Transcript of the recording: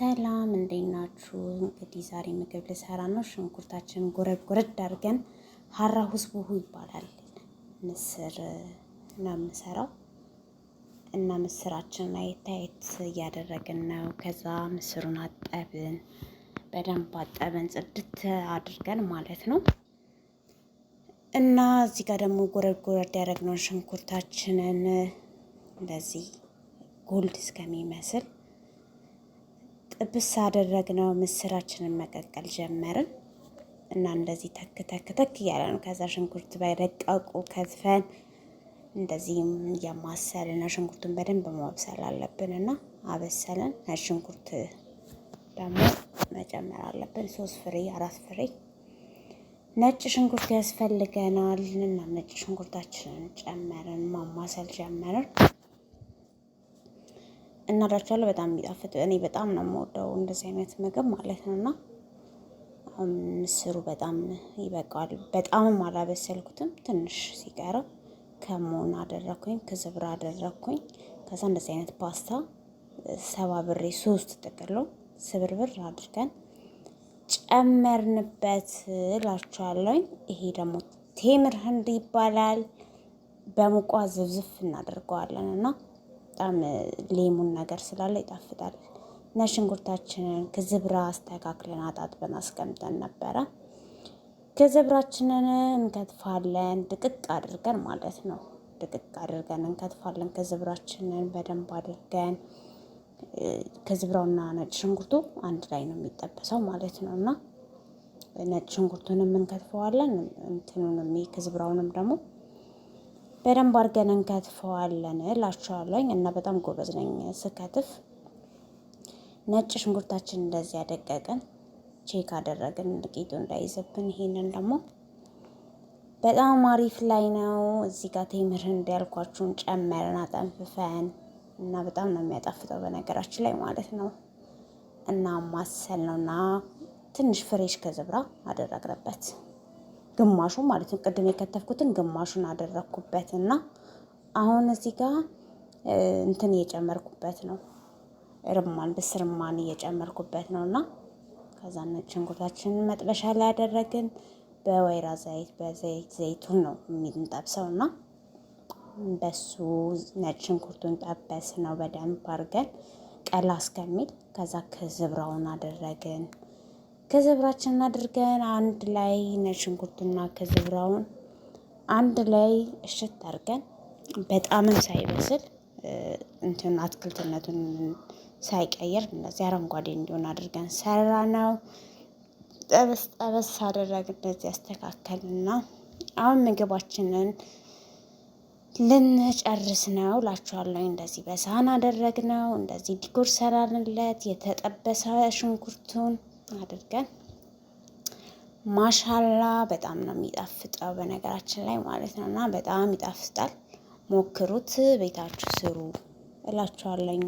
ሰላም እንዴት ናችሁ? እንግዲህ ዛሬ ምግብ ልሰራ ነው። ሽንኩርታችን ጎረድ ጎረድ አድርገን ሀራ ሁስቡሁ ይባላል ምስር ነው የምሰራው እና ምስራችን አየት አየት እያደረግን ነው። ከዛ ምስሩን አጠብን፣ በደንብ አጠብን ጽድት አድርገን ማለት ነው። እና እዚህ ጋር ደግሞ ጎረድ ጎረድ ያደረግነውን ሽንኩርታችንን እንደዚህ ጎልድ እስከሚመስል ጥብስ አደረግነው። ምስራችንን መቀቀል ጀመርን እና እንደዚህ ተክ ተክ ተክ እያለ ነው። ከዛ ሽንኩርት በደቃቁ ከትፈን እንደዚህም እያማሰልና ሽንኩርቱን በደንብ ማብሰል አለብን እና አበሰለን። ሽንኩርት ደግሞ መጨመር አለብን። ሶስት ፍሬ አራት ፍሬ ነጭ ሽንኩርት ያስፈልገናል እና ነጭ ሽንኩርታችንን ጨመርን፣ ማማሰል ጀመርን። እናዳቸዋለሁ። በጣም የሚጣፍጥ እኔ በጣም ነው የምወደው እንደዚህ አይነት ምግብ ማለት ነው። እና ምስሩ በጣም ይበቃዋል። በጣምም አላበሰልኩትም። ትንሽ ሲቀረው ከሞን አደረኩኝ፣ ክዝብር አደረኩኝ። ከዛ እንደዚህ አይነት ፓስታ ሰባ ብሬ ሶስት ጥቅሎ ስብርብር አድርገን ጨመርንበት እላችኋለሁኝ። ይሄ ደግሞ ቴምር ህንድ ይባላል። በሙቋ ዝብዝፍ እናደርገዋለን እና በጣም ሌሙን ነገር ስላለ ይጣፍጣል። እና ሽንኩርታችንን ከዝብራ አስተካክለን አጣጥበን አስቀምጠን ነበረ። ከዝብራችንን እንከትፋለን ድቅቅ አድርገን ማለት ነው። ድቅቅ አድርገን እንከትፋለን ከዝብራችንን በደንብ አድርገን ከዝብራውና ነጭ ሽንኩርቱ አንድ ላይ ነው የሚጠበሰው ማለት ነው። እና ነጭ ሽንኩርቱንም እንከትፈዋለን እንትኑንም ከዝብራውንም ደግሞ በደንብ አድርገን እንከትፈዋለን እላቸዋለኝ እና በጣም ጎበዝ ነኝ ስከትፍ። ነጭ ሽንኩርታችን እንደዚህ ያደቀቅን ቼክ አደረግን ዱቄቱ እንዳይዘብን። ይሄንን ደግሞ በጣም አሪፍ ላይ ነው። እዚህ ጋር ቴምር እንዳልኳችሁን ጨመርን አጠንፍፈን እና በጣም ነው የሚያጣፍጠው በነገራችን ላይ ማለት ነው። እና ማሰል ነውና ትንሽ ፍሬሽ ከዝብራ አደረግንበት። ግማሹ ማለት ነው። ቅድም የከተፍኩትን ግማሹን አደረግኩበት እና አሁን እዚህ ጋር እንትን እየጨመርኩበት ነው። ርማን ብስርማን እየጨመርኩበት ነው እና ከዛ ነጭ ሽንኩርታችንን መጥበሻ ላይ ያደረግን በወይራ ዘይት በዘይት ዘይቱን ነው የምንጠብሰው እና በሱ ነጭ ሽንኩርቱን ጠበስ ነው በደንብ አድርገን ቀላ እስከሚል ከዛ ከዝብራውን አደረግን። ከዘብራችን አድርገን አንድ ላይ ነጭ ሽንኩርቱና ከዘብራውን አንድ ላይ እሽት አድርገን በጣምም ሳይበስል እንትን አትክልትነቱን ሳይቀየር እንደዚህ አረንጓዴ እንዲሆን አድርገን ሰራ ነው። ጠበስ ጠበስ አደረግ እንደዚህ ያስተካከልና አሁን ምግባችንን ልንጨርስ ነው ላችኋለሁ። እንደዚህ በሳህን ነው። እንደዚህ ዲኮር ሰራንለት የተጠበሰ ሽንኩርቱን አድርገን ማሻላ በጣም ነው የሚጣፍጠው፣ በነገራችን ላይ ማለት ነው። እና በጣም ይጣፍጣል። ሞክሩት፣ ቤታችሁ ስሩ እላችኋለኝ።